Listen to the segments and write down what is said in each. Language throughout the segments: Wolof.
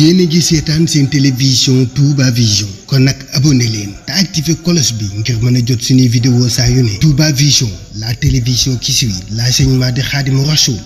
yéen a ngi seetaan seen télévision Touba Vision kon nag abonné leen te activé cloche bi ngir mën a jot suñuy vidéo saa yu ne Touba Vision la télévision qui suit l'enseignement de Khadimou Rassoul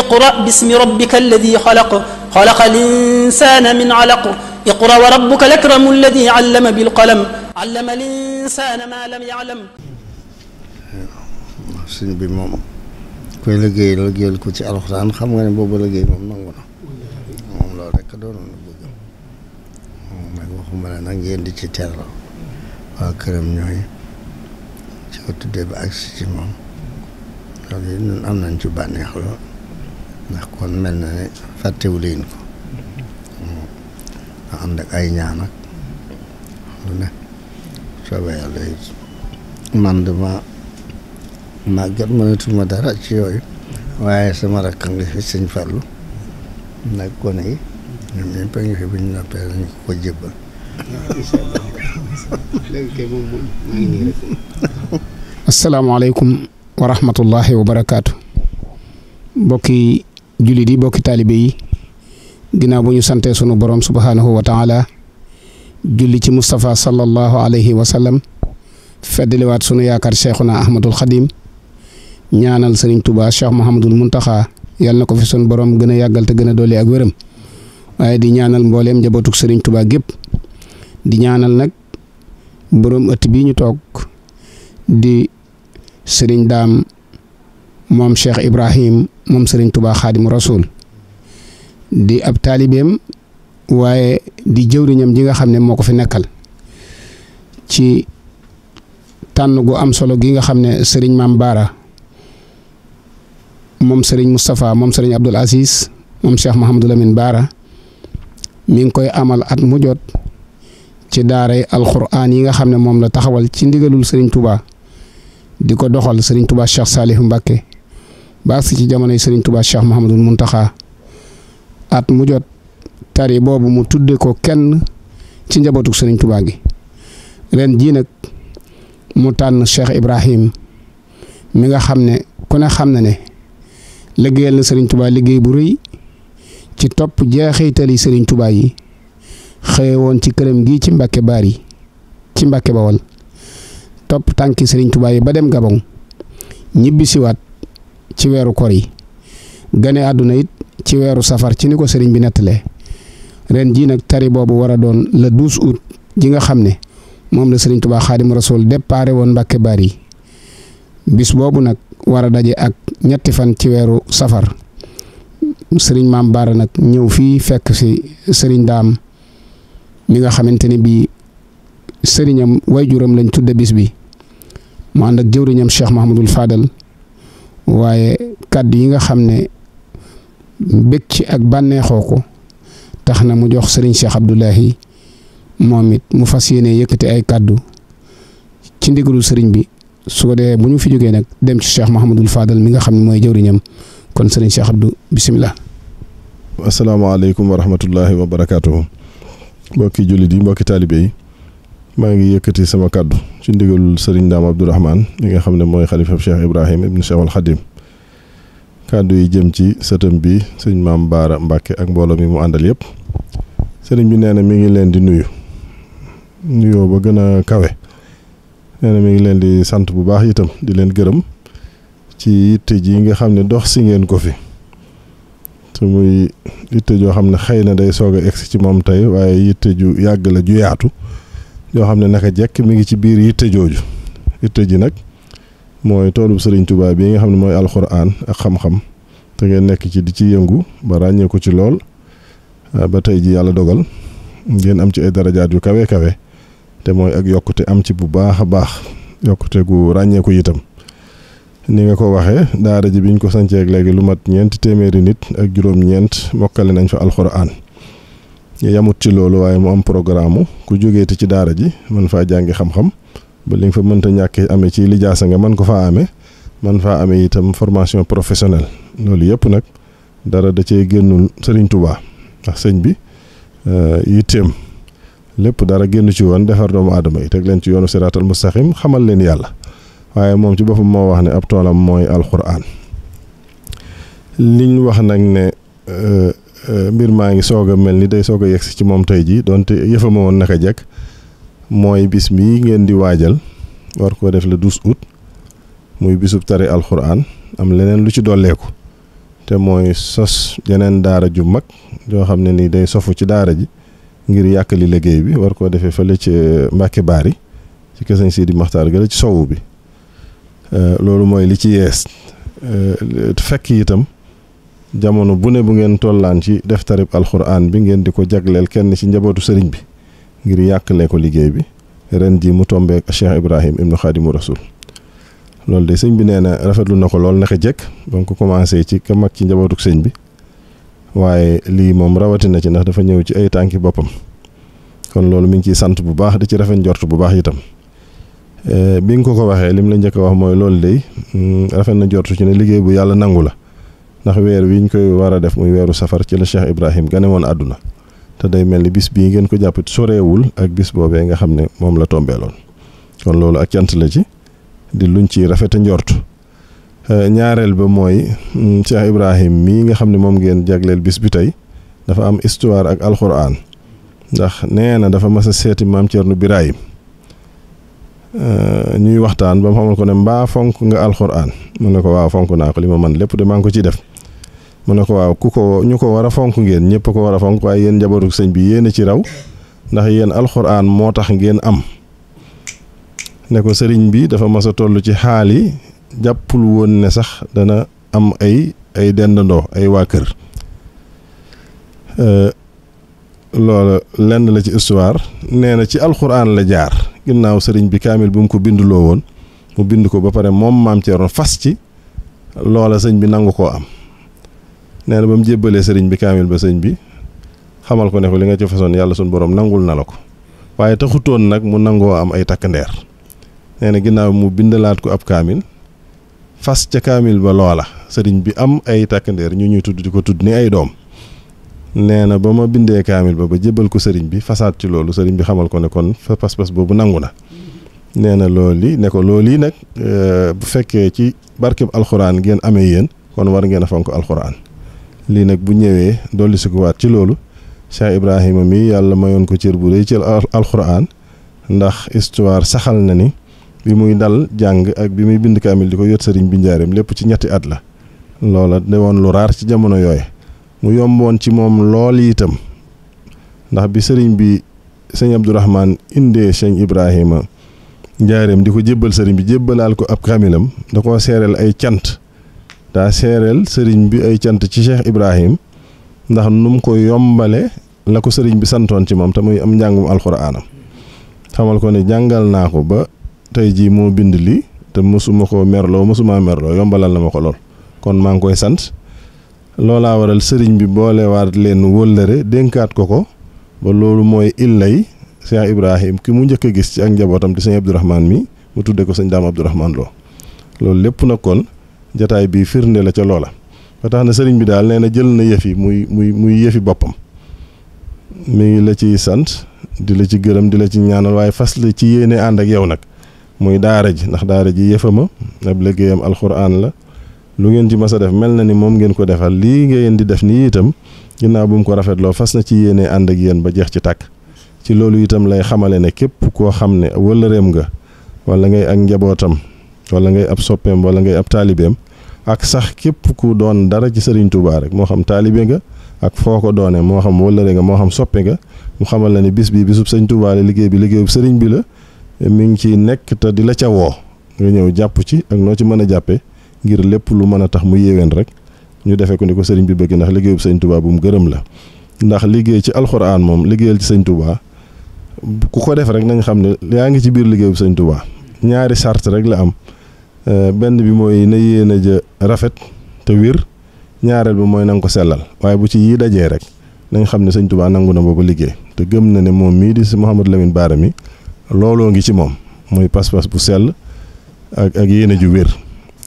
iqra bismi rabbika alladi xalaq xalaqa min alaq iqra wa al akramu alladi ma lam ya'lam suñ bi moom koy liggéey liggéeyal ko ci alxuraan xam nga ne boobu liggéey moom nangu na moom loolu rek doonoon na bëgg moom nag waxuma la nag ngeen di ci teerloo waa këram ñooy ci ko tuddee ba agsi ci moom loolu nañ ci bànneex lool ko a ànd ak ay ñaan ak lu ne soobee man dama màggat mënatuma dara ci yooyu waaye sama rakk nga fi sëñ Fallou nag gone yi ñoom ñëpp a ngi fi bu ñu noppee dañu ko ko jébbal. asalaamaaleykum wa rahmatullahi wa barakaatu. bokki jullit yi bokki taalibe yi ginnaaw bu ñu sante sunu borom subhaanahu wa taala julli ci Moustapha sallallahu alayhi wa sallam feddaliwaat sunu yaakaar Cheikhuna Ahmadul Xadim ñaanal sëriñ Touba Cheikh Mouhamadul Mountakha yàlla na ko fi son borom gën a yàggal te gën doole ak wéram waaye di ñaanal mbooleem njabootuk sëriñ Touba gépp di ñaanal nag boroom ëtt bi ñu toog di sëriñ daam moom Cheikh Ibrahim moom sëriñ Touba xaadimu rasul di ab taalibeem waaye di jëwriñam ji nga xam ne moo ko fi nekkal ci tànn gu am solo gi nga xam ne sëriñ maam Baara. moom sëriñ Moustapha moom sëriñ Abdoul Aziz moom Cheikh Mouhamadou Lamine Baara mi ngi koy amal at mu jot ci daaray alxuraan yi nga xam ne moom la taxawal ci ndigalul sëriñ Touba di ko doxal sëriñ Touba Cheikh Salih Mbacké ba agsi ci jamonoy sëriñ Touba Cheikh Mouhamadou Mountakha at mu jot tari boobu mu tuddee ko kenn ci njabootu sëriñ tubaa gi ren jii nag mu tànn Cheikh Ibrahim mi nga xam ne ku ne xam na ne. liggéeyal na sëriñ tubaa liggéey bu rëy ci topp jeexitali sëriñ tubaa yi xëye woon ci këram gi ci mbàkke baar yi ci mbàkke bawal topp tànki sëriñ tubaay yi ba dem gabon ñibbisiwaat ci weeru kor yi gane àdduna it ci weeru safar ci ni ko sëriñ bi nettale ren jii nag tari boobu war a doon le 12 août ji nga xam ne moom la sëriñ tubaa xaadim rasool déparé woon mbàkke baar yi bis boobu nag war a daje ak ñetti fan ci weeru safar sëriñ maam Baara nag ñëw fii fekk si sëriñ daam mi nga xamante ni bii sëriñam way wayjuram lañ tudde bis bi mu ànd ak jëwriñam Cheikh Mahamadul Fadal waaye kàddu yi nga xam ne bég ci ak bànneexoo ko tax na mu jox sëriñ Cheikh Abdoulahi moom it mu fas yéene yëkkati ay kàddu ci ndigalu sëriñ bi su ko dee bu ñu fi jógee nag dem ci Cheikh Mahamadul Fadal mi nga xam ne mooy jëwriñam kon sëriñ Cheikh Abdou bisimilah. asalaamaaleykum wa rahmatullahi wa mbokki jullit yi mbokki taalibe yi maa ngi yëkkati sama kàddu ci ndigalul sëriñ Daam Abdourahman mi ngi xam ne mooy xalifa Cheikh Ibrahim ibn Cheikh al Xadim kàddu yi jëm ci sëtam bi sëñ maam Baara Mbàkke ak mbooloo mi mu àndal yëpp sëriñ bi nee na mi ngi leen di nuyu nuyoo ba gën a kawe. nee na mi ngi leen di sant bu baax itam di leen gërëm ci yitte ji nga xam ne dox si ngeen ko fi te muy yitte joo xam ne xëy na day soog a egsi ci moom tey waaye yitte ju yàgg la ju yoo xam ne naka jekk mi ngi ci biir yitte jooju yitte ji nag mooy toolu sëriñ Tuubaa bi nga xam ne mooy alxuraan ak xam-xam te ngeen nekk ci di ci yëngu ba ràññee ko ci lool ba tey ji yàlla dogal ngeen am ci ay darajaat yu kawe kawe te mooy ak yokkute am ci bu baax a baax yokkute gu ràññeeku itam ni nga ko waxee daara ji biñ ko sancee ak léegi lu mat ñeenti téeméeri nit ak juróom-ñeent mokkale nañ fa alxuraan yamut ci loolu waaye mu am programme ku jógeeti ci daara ji mën faa jàngi xam-xam ba li fa mënta ñàkk amee ci lijaasa nga man ko faa amee man faa amee itam formation professionnelle loolu yëpp nag dara da cee génnul sëriñ Touba ndax sëñ bi euh, yitteem lépp dara génn ci woon defar doomu aadama yi teg leen ci yoonu siraatal mustaqim xamal leen yàlla waaye moom ci boppam moo wax ne ab toolam mooy alquran liñ wax nag ne euh, euh, mbir maa ngi soog a mel ni day soog a yegsi ci moom tey jii donte yëfama woon naka jekk mooy bis bii ngeen di waajal war koo def la 12 août muy bisub tari alxuraan am leneen lu ci dolleeku te mooy sos yeneen daara ju mag yoo xam ne nii day sofu ci daara ji ngir yàkkali liggéey bi war koo defee fële ci euh, Mbàkke Baari ci keseñ Sëñ Sidi Maxtaar gële ci sowu bi euh, loolu mooy li ci yees euh, fekk itam jamono bu ne bu ngeen tollaan ci def tarib alxuraan bi ngeen di ko jagleel kenn ci njabootu sëriñ bi ngir yàqalee ko liggéey bi ren ji mu tombeek Cheikh Ibrahim ibnu Xaadimu Rasul loolu de sëñ bi nee na rafetlu na ko lool naka jekk ba nga ko commencé ci ka mag ci njabootu sëñ bi waaye lii moom rawatina ci ndax dafa ñëw ci ay tànki boppam kon loolu mi ngi ciy sant bu baax di ci rafet njort bu baax itam eh, bi nga ko ko waxee lim la njëkk a wax mooy loolu day mm, rafet na jortu ci ne liggéey bu yàlla nangu la ndax weer wi ñu koy war a def muy weeru safar ci la Cheikh Ibrahim gane woon àdduna te day mel ni bis bii ngeen ko jàpp soreewul ak bis boobee nga xam ne moom la tombeeloon kon loolu ak cant la ci di luñ ciy rafet a njort. Euh, ñaareel ba mooy mm, Cheikh Ibrahim mii nga xam ne moom ngeen jagleel bis bi tey dafa am histoire ak alxuraan ndax nee na dafa mas a seeti maam Thierno Birahim euh, ñuy waxtaan ba mu xamal ko ne mbaa fonk nga alxuraan mu ne ko waaw fonk naa ko li man lépp de maa ngi ko ciy def mu ne ko waaw ku ko ñu ko war a fonk ngeen ñëpp ko war a fonk waaye yéen njabootu sëñ bi yéen ci raw ndax yéen alxuraan moo tax ngeen am ne ko sëriñ bi dafa mas a toll ci xaal yi jàppul woon ne sax dana am ay ay dendandoo ay waa kër euh, loola lenn la ci histoire nee na ci alxuraan la jaar ginnaaw sëriñ bi kaamil bi mu ko binduloo woon mu bind ko ba pare moom maam Thierno fas ci loola sëñ bi nangu koo am nee na ba mu jébbalee sëriñ bi kaamil ba sëñ bi xamal ko ne ko li nga ci façon yàlla suñ borom nangul na la ko waaye taxutoon nag mu nangoo am ay takk ndeer nee na ginnaaw mu bindalaat ko ab kaamil fas ca kaamil ba loola sëriñ bi am ay takkandeer ñu ñuy tudd di ko tudd ni ay doom nee na ba ma bindee kaamil ba ba jébbal ko sëriñ bi fasaat ci loolu sëriñ bi xamal ko ne kon fa pas boobu nangu na nee na loolu yi ne ko loolu yi nag euh, bu fekkee ci barkeb alxuraan ngeen amee yéen kon war ngeen a fonk alxuraan lii nag bu ñëwee ko waat ci loolu Cheikh Ibrahima mi yàlla mayoon ko cër bu rëy ci alxuraan ndax histoire saxal na ni bi muy dal jàng ak bi muy bind kaamil di ko yot sëriñ bi njaareem lépp ci ñetti at la loola de woon lu raar ci jamono yooy mu yomboon ci moom lool itam ndax bi sëriñ bi sëñ Abdourahman indee sëñ Ibrahima njaareem di ko jébbal sëriñ bi jébbalaal ko ab kaamilam da koo seereel ay cant daa seereel sëriñ bi ay cant ci Cheikh Ibrahim ndax nu mu ko yombale la ko sëriñ bi santoon ci moom te muy am njàngum alxuraanam xamal ko ne jàngal naa ko ba tey jii moo bind lii te mosuma ko merloo mosuma merloo yombalal na ma ko lool kon maa ngi koy sant loolaa waral sëriñ bi boolewaat leen wóllëre dénkaat ko ko ba loolu mooy illay Cheikh Ibrahim ki mu njëkk a gis ci ak njabootam di sëñ Abdourahman mi mu tudde ko sëñ Daam Abdourahman Lo loolu lépp nag kon jataay bii firnde la ca loola ba tax na sëriñ bi daal nee na jël na yëf yi muy muy muy yëfi boppam mi ngi la ciy sant di la ci gërëm di la ci ñaanal waaye fas la ci yéene ànd ak yow nag muy daara ji ndax daara ji yëfama ab liggéeyam alxuraan la lu ngeen ci mas a def mel na ni moom ngeen ko defal lii ngeen di def nii itam ginnaaw bu mu ko rafetloo fas na ci yéene ànd ak yéen ba jeex ci tàkk ci loolu itam lay xamale ne képp koo xam ne wëllëreem nga wala ngay ak njabootam wala ngay ab soppeem wala ngay ab taalibeem ak sax képp ku doon dara ci Serigne Touba rek moo xam taalibe nga ak foo ko doonee moo xam wëllëre nga moo xam soppe nga mu xamal la bis bi bisub sëñ Touba la bi liggéeyub sëriñ bi la mi ngi ci nekk te di la ca woo nga ñëw jàpp ci ak noo ci mën a jàppee ngir lépp lu mën a tax mu yéwén rek ñu defee ko ni ko sëriñ bi bëgg ndax liggéeyub sëñ Touba bu mu gërëm la ndax liggéey ci alxuraan moom liggéeyal ci sëñ Touba ku ko def rek na xam ne yaa ngi ci biir liggéeyub sëñ Touba ñaari sart rek la am euh, benn bi mooy na yéen a ja rafet te wiir ñaareel bi mooy na ko sellal waaye bu ci yii dajee rek na xam ne sëñ Touba nangu na boobu liggéey te gëm na ne moom mii di si Mouhamadou Lamine Bara looloo ngi ci moom mooy pas-pas bu sell ak ak yéene ju wér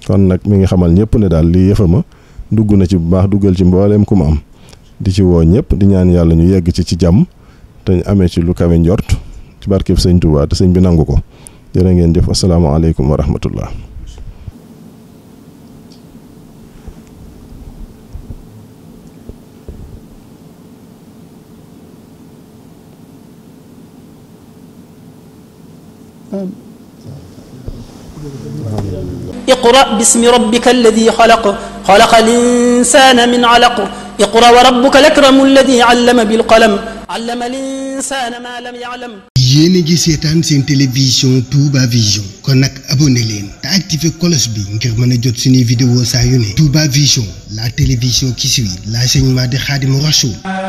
kon nag mi ngi xamal ñëpp ne daal lii yëfama dugg na ci bu baax duggal ci mbooleem ku ma am di ci woo ñëpp di ñaan yàlla ñu yegg ci ci jàmm te ñu amee ci lu kawe njort ci barkeb sëñ Tuubaa te sëñ bi nangu ko jërë ngeen jëf asalaamaaleykum wa rahmatullah اقرأ باسم ربك الذي خلق خلق الإنسان من علق اقرأ وربك الأكرم الذي علم بالقلم علم الإنسان a ngi seetaan seen télévision Touba Vision kon nag abonné leen te activé cloche bi ngir mën a jot suñuy vidéo saa yu ne Touba Vision la télévision qui suit l'enseignement de Khadimou Rassoul